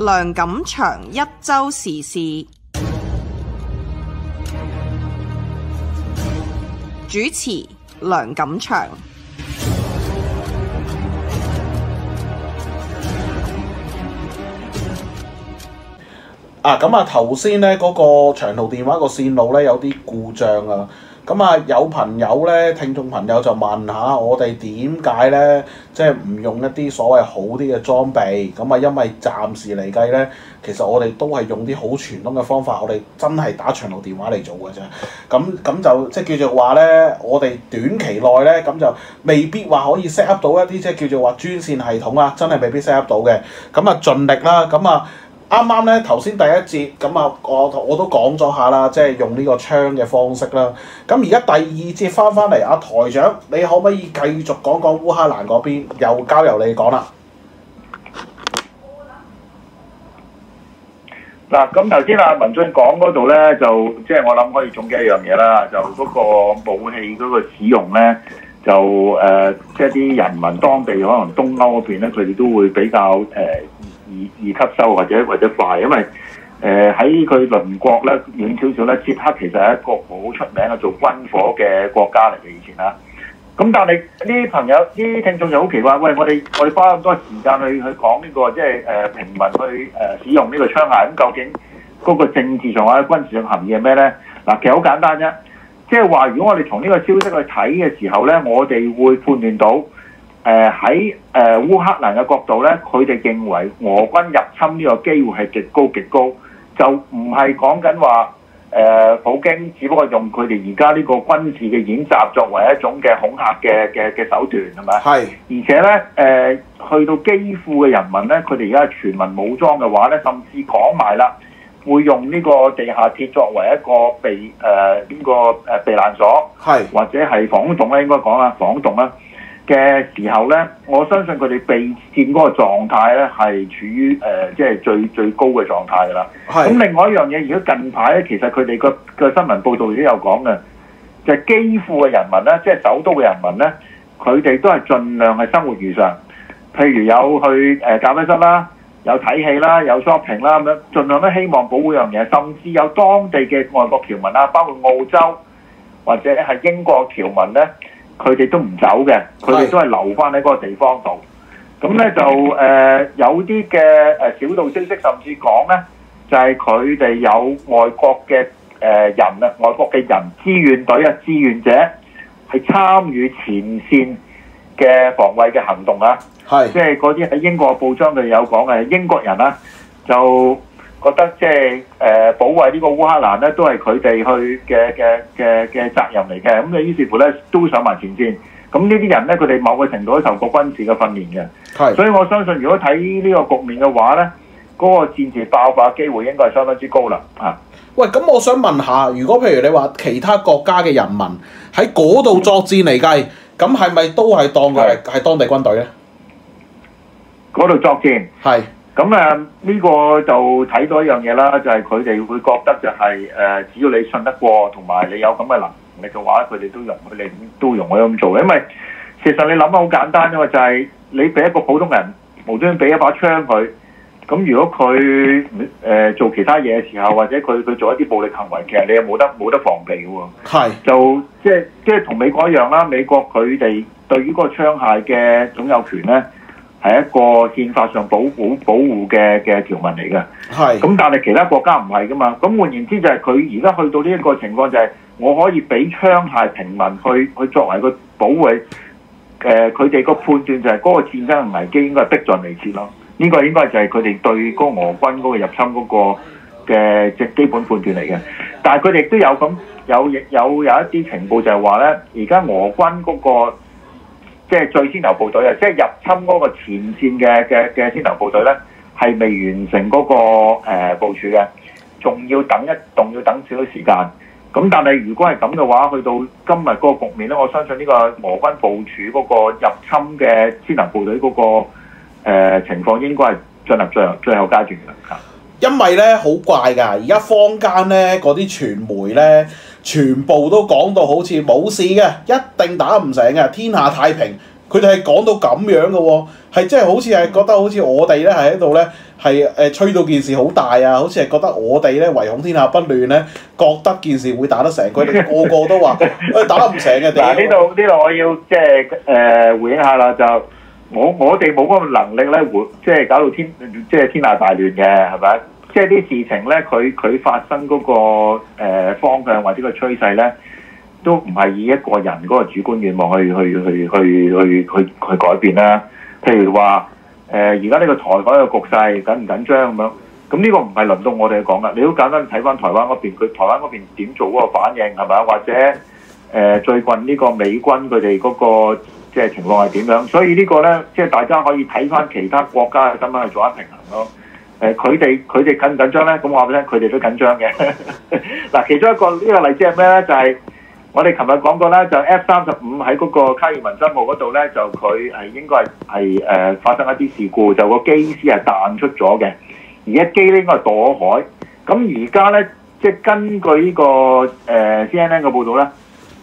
梁錦祥一週時事主持梁錦，梁錦祥啊，咁啊，頭先咧嗰個長途電話個線路咧有啲故障啊。咁啊，有朋友咧，聽眾朋友就問下我哋點解咧，即係唔用一啲所謂好啲嘅裝備？咁啊，因為暫時嚟計咧，其實我哋都係用啲好傳統嘅方法，我哋真係打長途電話嚟做嘅啫。咁咁就即係、就是、叫做話咧，我哋短期內咧，咁就未必話可以 set up 到一啲即係叫做話專線系統啊，真係未必 set up 到嘅。咁啊，盡力啦，咁啊。啱啱咧頭先第一節咁啊，我我都講咗下啦，即係用呢個槍嘅方式啦。咁而家第二節翻翻嚟，阿台長，你可唔可以繼續講講烏克蘭嗰邊？又交由你講啦。嗱，咁頭先阿文進講嗰度咧，就即係我諗可以總結一樣嘢啦，就嗰個武器嗰個使用咧，就誒、呃，即係啲人民當地可能東歐嗰邊咧，佢哋都會比較誒。呃易易吸收或者或者快，因為誒喺佢鄰國咧遠少少咧，捷克其實係一個好出名嘅做軍火嘅國家嚟嘅以前啊。咁但係呢啲朋友呢啲聽眾就好奇怪，喂，我哋我哋花咁多時間去去講呢個，即係誒平民去誒使用呢個槍械，咁究竟嗰個政治上或者軍事上含義係咩咧？嗱，其實好簡單啫，即係話如果我哋從呢個消息去睇嘅時候咧，我哋會判斷到。誒喺誒烏克蘭嘅角度咧，佢哋認為俄軍入侵呢個機會係極高極高，就唔係講緊話誒普京，只不過用佢哋而家呢個軍事嘅演習作為一種嘅恐嚇嘅嘅嘅手段係咪？係。是而且咧誒、呃，去到基輔嘅人民咧，佢哋而家全民武裝嘅話咧，甚至講埋啦，會用呢個地下鐵作為一個避誒呢個誒避難所，係是或者係防空洞咧，應該講啊，防空洞啊，嘅時候呢，我相信佢哋備戰嗰個狀態呢，係處於即係、呃即係、最最高嘅狀態噶啦。咁的另外一樣嘢，如果近排呢，其實佢哋個個新聞報導都有講嘅，就係、是、基輔嘅人民呢，即係首都嘅人民呢，佢哋都係盡量係生活如常。譬如有去誒咖啡室啦，有睇戲啦，有 shopping 啦，咁樣儘量都希望保護一樣嘢，甚至有當地嘅外國僑民啦，包括澳洲或者係英國僑民呢。佢哋都唔走嘅，佢哋都係留返喺嗰個地方度。咁呢就誒、呃、有啲嘅誒小道消息，甚至講呢就係佢哋有外國嘅誒人啊，外國嘅人志願隊啊，志願者係參與前線嘅防衞嘅行動啊。係是，即係嗰啲喺英國的報章度有講嘅英國人啦，就。覺得即係誒保衞呢個烏克蘭咧，都係佢哋去嘅嘅嘅嘅責任嚟嘅。咁你於是乎咧都上埋前線。咁呢啲人咧，佢哋某個程度都受過軍事嘅訓練嘅。係是，所以我相信如果睇呢個局面嘅話咧，嗰、嗰個戰事爆發機會應該係相當之高啦。啊，喂，咁我想問下，如果譬如你話其他國家嘅人民喺嗰度作戰嚟計，咁係咪都係當佢係係當地軍隊咧？嗰度作戰係。咁啊，呢、這個就睇到一樣嘢啦，就係佢哋會覺得就係、是、誒、呃，只要你信得過，同埋你有咁嘅能力嘅話，佢哋都，都容佢哋都容佢咁做嘅。因為其實你諗啊，好簡單啫嘛，就係、是、你俾一個普通人無端畀俾一把槍佢，咁如果佢誒、呃、做其他嘢嘅時候，或者佢佢做一啲暴力行為，其實你又冇得冇得防備喎。是就即係即係同美國一樣啦，美國佢哋對於嗰個槍械嘅總有權咧。係一個憲法上保保保護嘅嘅條文嚟嘅，係咁是、嗯，但係其他國家唔係㗎嘛，咁換言之就係佢而家去到呢一個情況就係、是，我可以俾槍械平民去去作為個保衛，誒、呃，佢哋個判斷就係嗰個戰爭嘅危機應該係迫在眉睫咯，呢個應該就係佢哋對嗰俄軍嗰個入侵嗰個嘅即基本判斷嚟嘅，但係佢哋都有咁有有有一啲情報就係話咧，而家俄軍嗰、那個。即係最先頭部隊啊！即係入侵嗰個前線嘅嘅嘅先頭部隊咧，係未完成嗰個誒部署嘅，仲要等一棟，要等少少時間。咁但係如果係咁嘅話，去到今日嗰個局面咧，我相信呢個俄軍部署嗰個入侵嘅先頭部隊嗰個誒情況，應該係進入最後最後階段啦。因為咧好怪㗎，而家坊間咧嗰啲傳媒咧。全部都講到好似冇事嘅，一定打唔成嘅，天下太平。佢哋係講到咁樣嘅喎、哦，係真係好似係覺得好似我哋咧係喺度咧係誒吹到件事好大啊，好似係覺得我哋咧唯恐天下不亂咧，覺得件事會打得成。佢哋個，個個都話、 哎，打唔成嘅。嗱呢度呢度我要即係誒回應下啦，就我我哋冇嗰個能力咧，會即係搞到天即係、即係、天下大亂嘅，係咪？即係啲事情呢，佢佢發生嗰、嗰個、呃、方向或者這個趨勢呢，都唔係以一個人嗰個主觀願望去去去去去去去改變啦。譬如話誒，而家呢個台海嘅局勢緊唔緊張咁樣？咁呢個唔係輪到我哋講噶。你好簡單睇翻台灣嗰邊，佢台灣嗰邊點做嗰個反應係咪？或者誒、呃，最近呢個美軍佢哋嗰個即係、就是、情況係點樣？所以呢個呢，即係大家可以睇翻其他國家嘅新聞去做一平衡咯。誒佢哋佢哋緊唔緊張咧？咁我話俾你聽，佢哋都緊張嘅。嗱，其中一個呢、這個例子係咩咧？就係、是、我哋琴日講過咧，就 F 三十五喺嗰個卡爾文商務嗰度咧，就佢係應該係係誒發生一啲事故，就個機師係彈出咗嘅，而一機咧應該墮海。咁而家咧，即、就、係、是、根據、這個呃、呢個 CNN 嘅報道咧。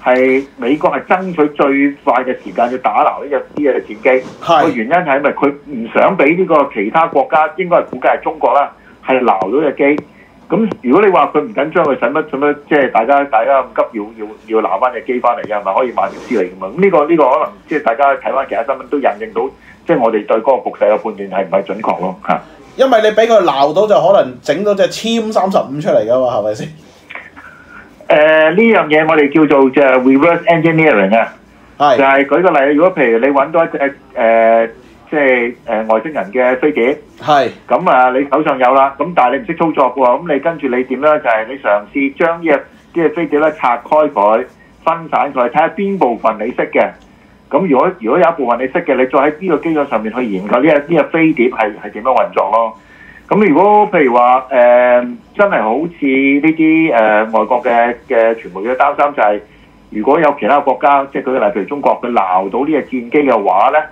係美國係爭取最快嘅時間要打撈呢隻機嘅戰機，個是原因係因為佢唔想俾呢個其他國家，應該係估計係中國啦，係撈咗隻機。咁如果你話佢唔緊張，佢使乜使乜？即係大家大家咁急要要要撈翻隻機翻嚟，係咪可以買啲資料嚟。咁嘛、這個？咁呢個呢個可能即係、就是、大家睇翻其他新聞都印證到，即、就、係、是、我哋對嗰個局勢嘅判斷係唔係準確咯？嚇！因為你俾佢撈到就可能整到隻殲三十五出嚟㗎嘛？係咪先？誒呢樣嘢我哋叫做 re 是就 reverse engineering 啊，就係舉個例，如果譬如你揾到一隻誒、呃、即係誒外星人嘅飛碟，係咁啊你手上有啦，咁但係你唔識操作喎，咁你跟住你點咧？就係、是、你嘗試將呢隻嘅飛碟咧拆開佢，分散佢，睇下邊部分你識嘅。咁如果如果有一部分你識嘅，你再喺呢個基礎上面去研究呢隻呢隻飛碟係係點樣運作咯。咁如果譬如話，誒、呃、真係好似呢啲誒外國嘅嘅傳媒嘅擔心就係、是，如果有其他國家，即係佢例如中國，佢撈到呢隻戰機嘅話咧，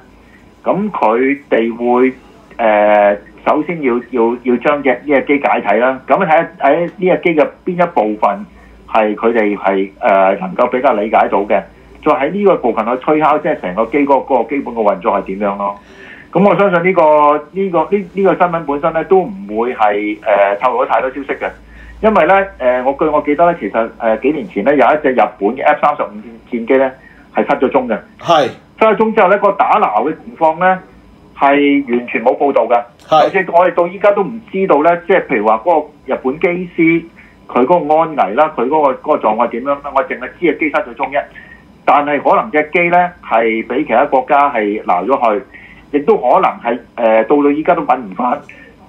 咁佢哋會誒、呃、首先要要要將隻呢隻機解體啦。咁睇下喺呢隻機嘅邊一部分係佢哋係誒能夠比較理解到嘅，再喺呢個部分去推敲即係成個機嗰、那個基本嘅運作係點樣咯。咁我相信呢、這個呢、這個呢呢、這個這個、新聞本身咧都唔會係誒透露咗太多消息嘅，因為咧誒、呃、我據我記得咧，其實誒、呃、幾年前咧有一隻日本嘅 F 三十五戰機咧係失咗蹤嘅，係是失咗蹤之後咧個打撈嘅情況咧係完全冇報道嘅，係即係我哋到依家都唔知道咧，即係譬如話嗰個日本機師佢嗰個安危啦，佢嗰、那個那個狀況狀態點樣啦，我淨係知嘅機失咗蹤一，但係可能隻機咧係俾其他國家係撈咗去。亦都可能係誒、呃、到到依家都揾唔翻。誒、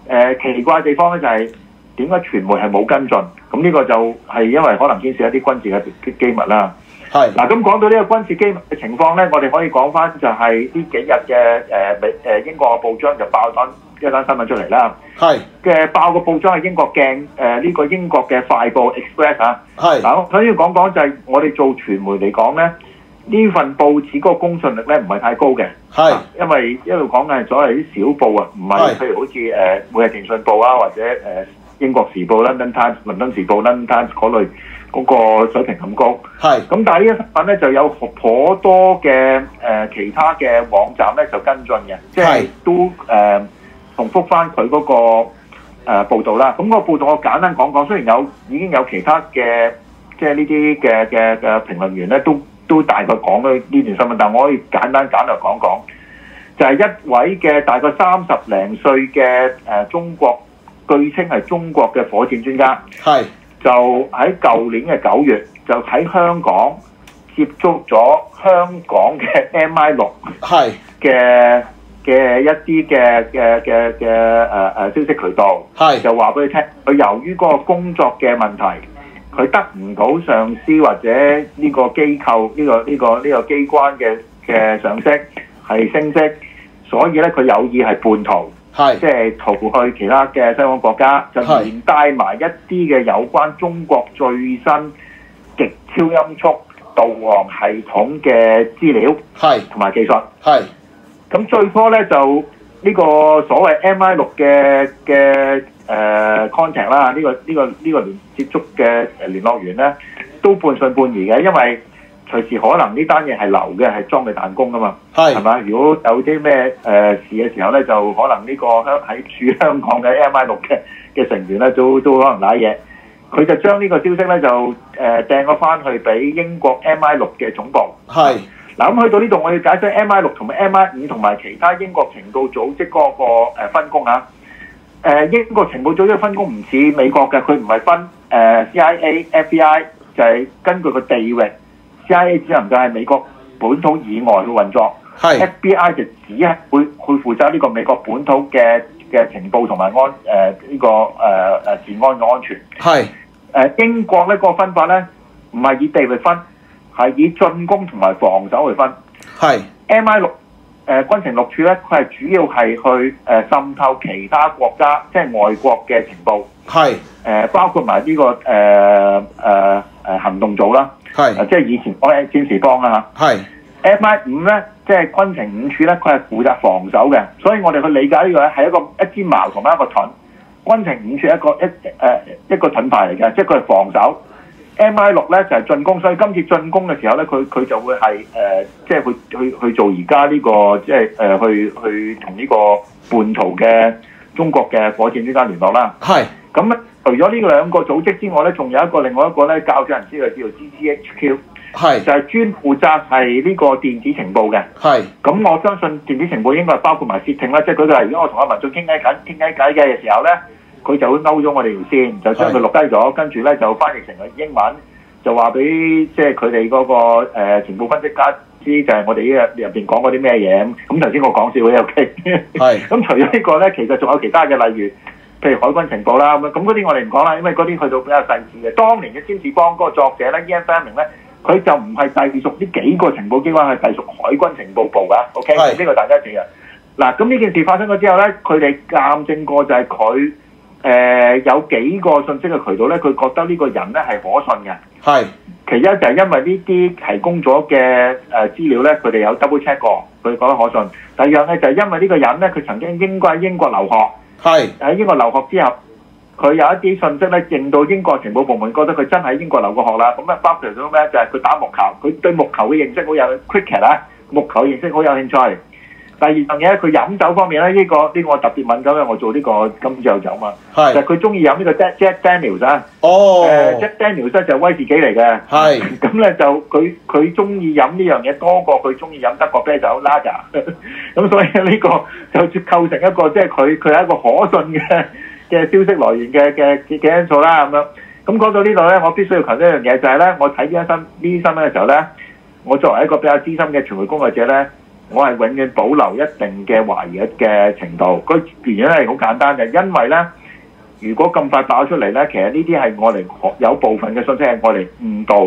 呃、奇怪嘅地方咧就係點解傳媒係冇跟進？咁呢個就係因為可能牽涉一啲軍事嘅機密啦。係是。嗱，咁講到呢個軍事機密嘅情況咧，我哋可以講翻就係呢幾日嘅誒美誒英國嘅報章就爆咗一單新聞出嚟啦。係是。嘅爆個報章係英國鏡誒呢個英國嘅快報 Express 啊。係是。嗱、啊，我首先講講就係我哋做傳媒嚟講咧。呢份報紙嗰個公信力咧，唔係太高嘅，係是因為一路講緊係所謂啲小報啊，唔係譬如好似誒、呃、每日電訊報啊，或者誒、呃、英國時報是 London Times、倫敦時報 London Times 嗰類嗰個水平咁高，係是。咁但係呢一份咧，就有頗多嘅、呃、其他嘅網站咧就跟進嘅，是即係都誒、呃、重複翻佢嗰個誒、呃、報道啦。咁、那個報道我簡單講講，雖然有已經有其他嘅即係呢啲嘅嘅嘅評論員咧都。都大概講咗呢段新聞，但係我可以簡單簡略講講，就係一位嘅大概三十零歲嘅誒中國，據稱係中國嘅火箭專家，係就喺舊年嘅九月就喺香港接觸咗香港嘅 MI6，係嘅嘅一啲嘅嘅嘅嘅誒誒消息渠道，係就話俾你聽，佢由於嗰個工作嘅問題。佢得唔到上司或者呢個機構呢、呢個呢、呢個呢、呢個機關嘅嘅賞識係升職，所以咧佢有意係叛逃，係即係逃去其他嘅西方國家，就連帶埋一啲嘅有關中國最新極超音速導航系統嘅資料，係同埋技術，係咁最初咧就呢個所謂 M I 六嘅嘅。誒、呃、contact 啦，這個，呢、這個呢、這個呢個連接觸嘅聯絡員咧，都半信半疑嘅，因為隨時可能呢單嘢係流嘅，係裝備彈弓㗎嘛，係嘛是？如果有啲咩誒事嘅時候咧，就可能呢、這個喺處香港嘅 MI 六嘅嘅成員咧，都都可能瀨嘢。佢就將呢個消息咧，就誒掟咗返去俾英國 MI 六嘅總部。係嗱是，咁去、呃、到呢度，我要解釋 MI 六同埋 MI 五同埋其他英國情報組織嗰個分工啊！誒英國情報組織分工唔似美國嘅，佢唔係分誒、呃、CIA、FBI，就係根據個地域，CIA 只能夠係美國本土以外去運作，係是 FBI 就只係會會負責呢個美國本土嘅嘅情報同埋安誒呢、呃這個誒誒、呃、治安嘅安全，係誒是英國呢個分法咧唔係以地域分，係以進攻同埋防守嚟分，係是 MI 六。誒、呃、軍情六處咧，佢係主要係去誒、呃、滲透其他國家，即係外國嘅情報。係誒是、呃、包括埋、這、呢個誒誒、呃呃、行動組啦。係是、呃、即係以前我係、哎、戰時幫啊嘛。是 f MI 五咧，即係軍情五處咧，佢係負責防守嘅。所以我哋去理解呢個咧，係一個一支矛同埋一個盾。軍情五處一個一、呃、一個盾牌嚟嘅，即係佢係防守。MI6 咧就係、是、進攻，所以今次進攻嘅時候咧，佢佢就會係誒、呃，即係去去去做而家呢個，即係誒、呃、去去同呢個叛徒嘅中國嘅火箭專家聯絡啦。係是。咁除咗呢兩個組織之外咧，仲有一個另外一個咧，教咗人知道，叫做 GCHQ，係是就係專負責係呢個電子情報嘅。係是。咁我相信電子情報應該係包括埋竊聽啦，即係哋個。而家我同阿文進傾緊傾緊偈嘅時候咧。佢就會勾咗我哋條線，就將佢錄低咗，跟住咧就翻譯成個英文，就話俾即係佢哋嗰個誒、呃、情報分析家知，就係我哋依入邊講嗰啲咩嘢。咁頭先我講少啲，O K。係、 嗯。咁除咗呢個咧，其實仲有其他嘅，例如譬如海軍情報啦，咁咁嗰啲我哋唔講啦，因為嗰啲去到比較細緻嘅。當年嘅詹姆斯光哥作者詹士邦嗰個作者咧，Ian Fleming 咧，佢、mm hmm. 就唔係隸屬呢幾個情報機關，係隸屬海軍情報部㗎。O、OK? K 是。呢個大家知嘅。嗱，咁呢件事發生咗之後咧，佢哋鑑證過就係佢。誒、呃、有幾個信息嘅渠道咧，佢覺得呢個人咧係可信嘅。係是，其一就係因為呢啲提供咗嘅誒資料咧，佢哋有 double check 過，佢覺得可信。第二樣咧就係因為呢個人咧，佢曾經應該喺英國留學。係喺是英國留學之後，佢有一啲信息咧，令到英國情報部門覺得佢真係英國留過學啦。咁啊，包括咗咩，就係、是、佢打木球，佢對木球嘅認識好有 cricket 啊，木球嘅認識好有興趣。第二樣嘢，佢飲酒方面咧，呢、這個呢、這個我特別敏感，因為我做呢個今朝有酒啊嘛。係是。其實佢中意飲呢個 Jack Daniels, S、oh uh, Jack Daniels。哦。誒，Jack Daniels 就威士忌嚟嘅。係是。咁咧 就佢佢中意飲呢樣嘢多過佢中意飲德國啤酒 Lager。咁所以呢個就構成一個即係佢佢係一個可信嘅嘅消息來源嘅嘅嘅因素啦咁樣。咁講到呢度咧，我必須要強調一樣嘢就係、是、咧，我睇呢一新呢啲新聞嘅時候咧，我作為一個比較資深嘅傳媒工作者咧。我係永遠保留一定嘅懷疑嘅程度，個原因咧係好簡單嘅，因為咧，如果咁快爆出嚟咧，其實呢啲係我哋有部分嘅信息係我哋誤導，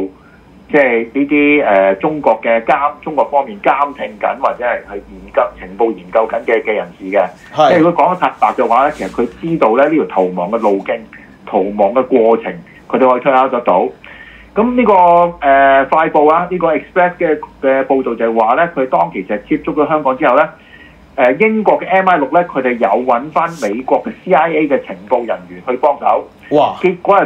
即係呢啲誒中國嘅監中國方面監聽緊或者係係研究情報研究緊嘅嘅人士嘅。如果講得太白嘅話咧，其實佢知道咧呢條、這個、逃亡嘅路徑、逃亡嘅過程，佢都可以推敲得到。咁呢、這個誒、呃、快報啊，呢、這個 Express 嘅嘅報道就係話呢，佢當其時就係接觸咗香港之後呢，誒、呃、英國嘅 MI 六呢，佢哋有揾翻美國嘅 CIA 嘅情報人員去幫手。哇！結果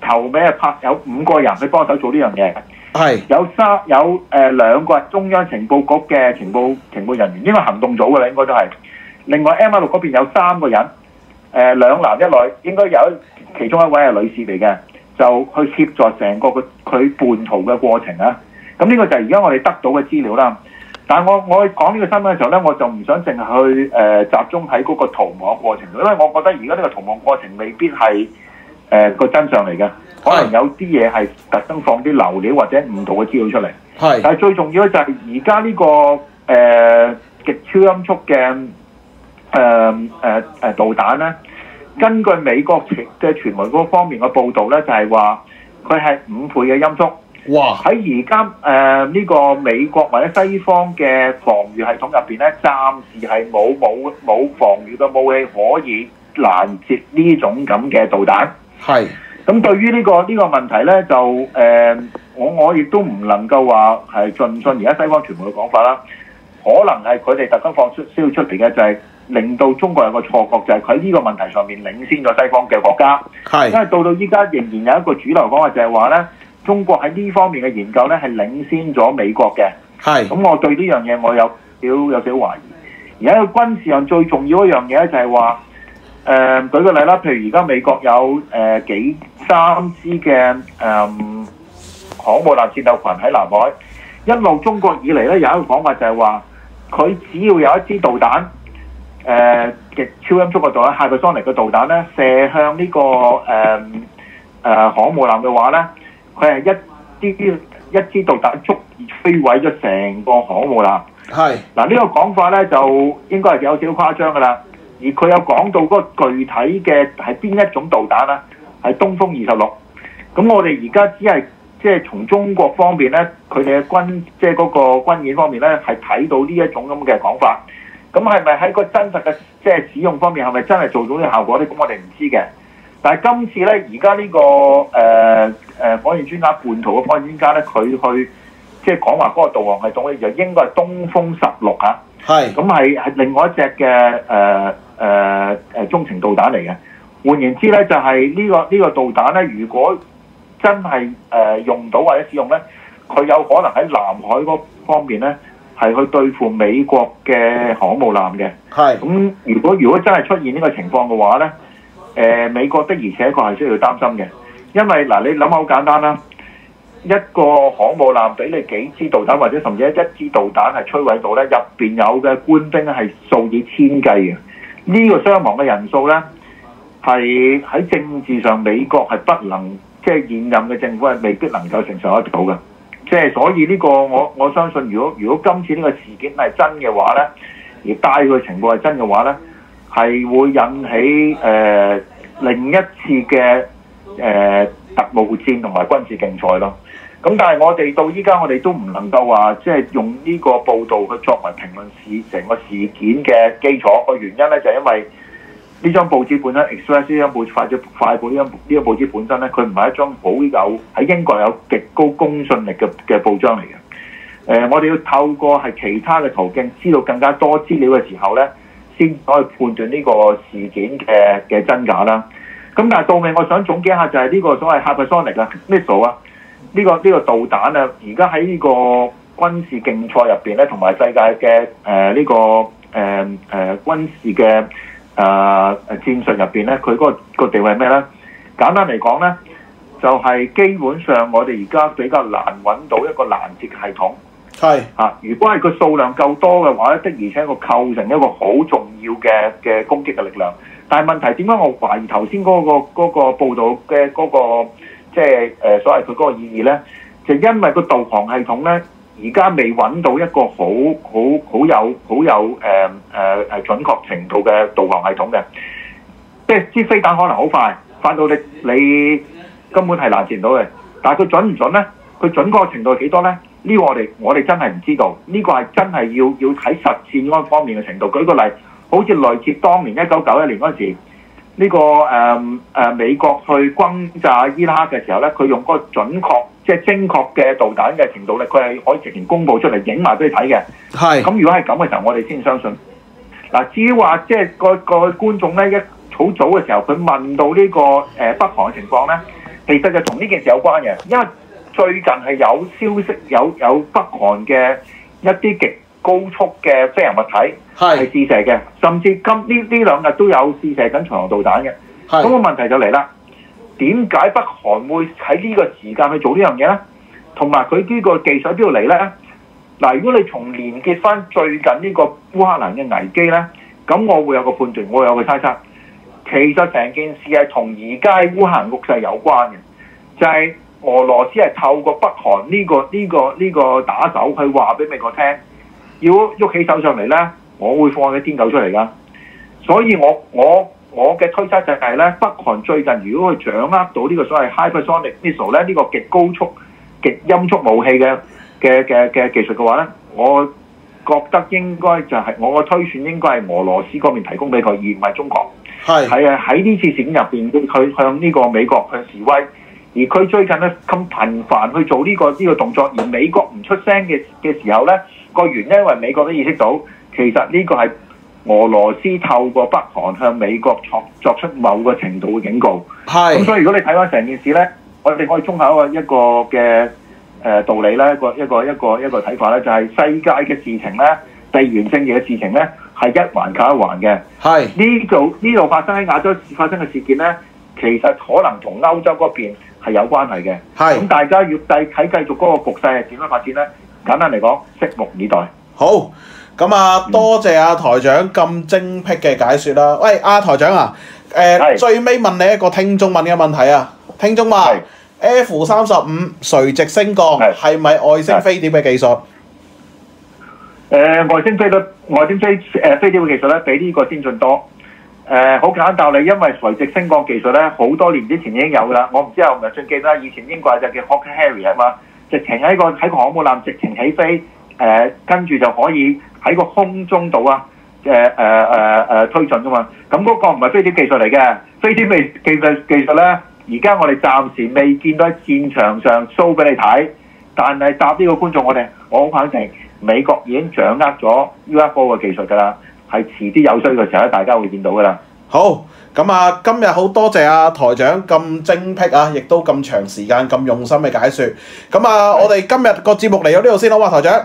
頭尾拍有五個人去幫手做呢樣嘢。係是有三有誒、呃、兩個係中央情報局嘅情報情報人員，應該行動組嘅啦，應該都係。另外 MI 六嗰邊有三個人，誒、呃、兩男一女，應該有其中一位係女士嚟嘅。就去協助成個佢佢叛逃嘅過程啊！咁呢個就係而家我哋得到嘅資料啦。但係我我講呢個新聞嘅時候呢，我就唔想淨係去、呃、集中喺嗰個逃亡過程，因為我覺得而家呢個逃亡過程未必係誒、呃、個真相嚟嘅，可能有啲嘢係特登放啲流料或者誤導嘅資料出嚟。係的，但係最重要就係而家呢個誒、呃、極超音速嘅誒誒誒導彈呢根據美國嘅傳媒嗰方面嘅報導呢，就係話佢係五倍嘅音速。哇！喺而家誒呢個美國或者西方嘅防禦系統入邊呢，暫時係冇武冇防禦嘅武器可以攔截呢種咁嘅導彈。係是。咁對於呢、呢個呢、呢個問題呢，就誒、呃、我我亦都唔能夠話係盡信而家西方傳媒嘅講法啦。可能係佢哋特登放出消息出嚟嘅就係、是。令到中國有個錯覺，就係佢喺呢個問題上面領先咗西方嘅國家。係是，因為到到依家仍然有一個主流講法，就係話呢，中國喺呢方面嘅研究呢係領先咗美國嘅。係是，咁我對呢樣嘢我有少有少懷疑。而家個軍事上最重要的一樣嘢呢，就係話誒，舉個例啦，譬如而家美國有誒、呃、幾三支嘅誒、呃、航母艦戰鬥群喺南海。一路中國以嚟呢，有一個講法就是說，就係話佢只要有一支導彈。誒、呃、超音速嗰度咧，下個桑尼嘅導彈咧射向呢、這個誒誒、呃呃、航母艦嘅話咧，佢係一支一支導彈足以飛毀咗成個航母艦。係嗱是、啊這個、呢個講法咧，就應該係有少少誇張㗎啦。而佢有講到嗰個具體嘅係邊一種導彈呢？係東風二十六。咁我哋而家只係即係從中國方面咧，佢哋嘅軍即係嗰個軍演方面咧，係睇到呢一種咁嘅講法。咁係咪喺個真實嘅即係使用方面係咪真係做到啲效果咧？咁我哋唔知嘅。但係今次咧，而家、這個呃呃、呢個誒誒火箭專家半途嘅火箭專家咧，佢去即係講話嗰個導航系統咧，就應該係東風十六啊。係是。咁係另外一隻嘅誒誒誒中程導彈嚟嘅。換言之咧，就係、是、呢、這個呢、這個導彈咧，如果真係、呃、用到或者使用咧，佢有可能喺南海嗰方面咧。係去對付美國嘅航母艦嘅，係咁是。如果如果真係出現呢個情況嘅話呢，誒、呃、美國的而且確係需要擔心嘅，因為嗱、呃、你諗下好簡單啦，一個航母艦俾你幾支導彈或者甚至一支導彈係摧毀到呢，入邊有嘅官兵係數以千計嘅，呢、這個傷亡嘅人數呢，係喺政治上美國係不能即係、就是、現任嘅政府係未必能夠承受得到嘅。即係所以呢個我我相信，如果如果今次呢個事件係真嘅話呢而帶佢嘅情況係真嘅話呢係會引起誒、呃、另一次嘅誒、呃、特務戰同埋軍事競賽咯。咁但係我哋到依家我哋都唔能夠話，即係用呢個報導去作為評論事成個事件嘅基礎。個原因呢，就係、因為。呢張報紙本身，Express, 這《Express》呢張報快咗快報呢張呢個報紙本身咧，佢唔係一張好有喺英國有極高公信力嘅嘅報章嚟嘅。誒、呃，我哋要透過係其他嘅途徑，知道更加多資料嘅時候咧，先可以判斷呢個事件嘅嘅真假啦。咁但係到尾，我想總結一下，就係呢個所謂 hypersonic 啦、這個，Missile、這、組、個、啊？呢個呢個導彈啊，而家喺呢個軍事競賽入邊咧，同埋世界嘅誒呢個誒誒、呃呃、軍事嘅。誒、呃、戰術入面呢，佢嗰個地位係咩呢？簡單嚟講呢，就係、是、基本上我哋而家比較難揾到一個攔截系統。是啊、如果係個數量夠多嘅話咧，的而且確構成一個好重要嘅攻擊嘅力量。但係問題點解我懷疑頭先嗰個報導嘅嗰、嗰個即係、就是呃、所謂佢嗰個意義呢，就因為個導航系統呢。而家未揾到一個好好好有好有誒誒誒準確程度嘅導航系統嘅，即係啲飛彈可能好快，快到你你根本係攔截唔到嘅。但係佢準唔準咧？佢準確程度係幾多咧？呢個我哋我哋真係唔知道。呢個係真係要要睇實戰嗰方面嘅程度。舉個例，好似來自當年一九九一年嗰陣時候，呢個誒誒、嗯啊、美國去轟炸伊拉克嘅時候咧，佢用嗰個準確。即係精確嘅導彈嘅程度咧，佢係可以直情公布出嚟影埋俾你睇嘅。係是。咁如果係咁嘅時候，我哋先相信。嗱，至於話即係各位觀眾咧，一好早嘅時候佢問到呢、這個誒、呃、北韓嘅情況咧，其實就同呢件事有關嘅，因為最近係有消息有有北韓嘅一啲極高速嘅飛行物體係試射嘅，是甚至今呢呢兩日都有試射緊長導彈嘅。係是。咁個問題就嚟啦。點解北韓會喺呢個時間去做呢樣嘢呢？同埋佢呢個技術喺邊度嚟呢？嗱，如果你從連結翻最近呢個烏克蘭嘅危機呢，咁我會有個判斷，我會有個猜測，其實成件事係同而家烏克蘭局勢有關嘅，就係、是、俄羅斯係透過北韓呢、這個呢、這個呢、這個打手，去話俾美國聽，要喐起手上嚟呢，我會放啲癲狗出嚟㗎，所以我我。我嘅推測就係咧，北韓最近如果佢掌握到呢個所謂 hypersonic missile 咧，呢、這個極高速極音速武器嘅嘅嘅嘅技術嘅話咧，我覺得應該就係、是、我嘅推算應該係俄羅斯嗰邊提供俾佢，而唔係中國。係係啊，喺呢的次事件入邊，佢向呢個美國去示威，而佢最近咧咁頻繁去做呢、這個呢、這個動作，而美國唔出聲嘅嘅時候咧，個原因呢因為美國都意識到，其實呢個係。俄羅斯透過北韓向美國作作出某個程度嘅警告，係咁是 所以如果你睇返成件事呢，我哋可以參考一個嘅誒、呃、道理咧，一個一個一個一個睇法呢，就係、是、世界嘅事情呢，地緣政治嘅事情呢，係一環扣一環嘅，係呢度呢度發生喺亞洲發生嘅事件呢，其實可能同歐洲嗰邊係有關係嘅，係咁是 大家要計喺繼續嗰個局勢係點樣發展呢？簡單嚟講，拭目以待，好。咁啊，多謝阿、啊、台長咁精闢嘅解説啦。喂，阿、啊、台長啊，誒、呃、是最尾問你一個聽眾問嘅問題啊，聽眾問是，F 三十五垂直升降係咪是外星飛碟嘅技術？誒、呃、外星飛嘅外星飛誒、呃、飛碟嘅技術咧，比呢個先進多。誒、呃、好簡單道理，因為垂直升降技術咧，好多年之前已經有啦。我唔知阿吳文俊記唔記得以前英國就叫 Hawk Harry 啊嘛，直情喺個喺個航母艦直情起飛，誒跟住就可以。喺個空中度啊，誒誒誒誒推進噶嘛，咁、那、嗰個唔係飛碟技術嚟嘅。飛碟未技術技術咧，而家我哋暫時未見到喺戰場上 show 俾你睇，但係答呢個觀眾我哋，我好肯定美國已經掌握咗 UFO 嘅技術噶啦，係遲啲有需要嘅時候咧，大家會見到噶啦。好，咁啊，今日好多謝阿、啊、台長咁精闢啊，亦都咁長時間咁用心嘅解說，咁啊，的我哋今日個節目嚟到呢度先好哇，台長。